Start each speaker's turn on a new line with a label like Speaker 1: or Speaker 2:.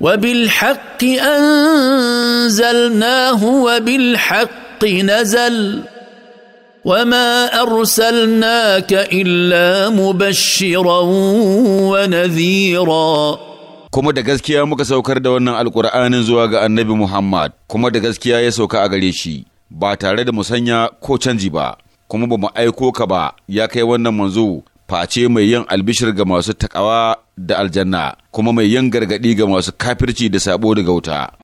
Speaker 1: وبالحق انزلناه وبالحق نزل وما ارسلناك الا مبشرا ونذيرا kuma da gaskiya
Speaker 2: muka saukar da wannan alkur'anin zuwa ga annabi Muhammad kuma da gaskiya ya sauka a gare shi ba tare da musanya ko canji ba kuma ba mu aiko ka ba ya kai wannan manzo face mai yin albishir ga masu takawa da aljanna kuma mai yin gargadi ga masu
Speaker 3: kafirci da sabo daga wuta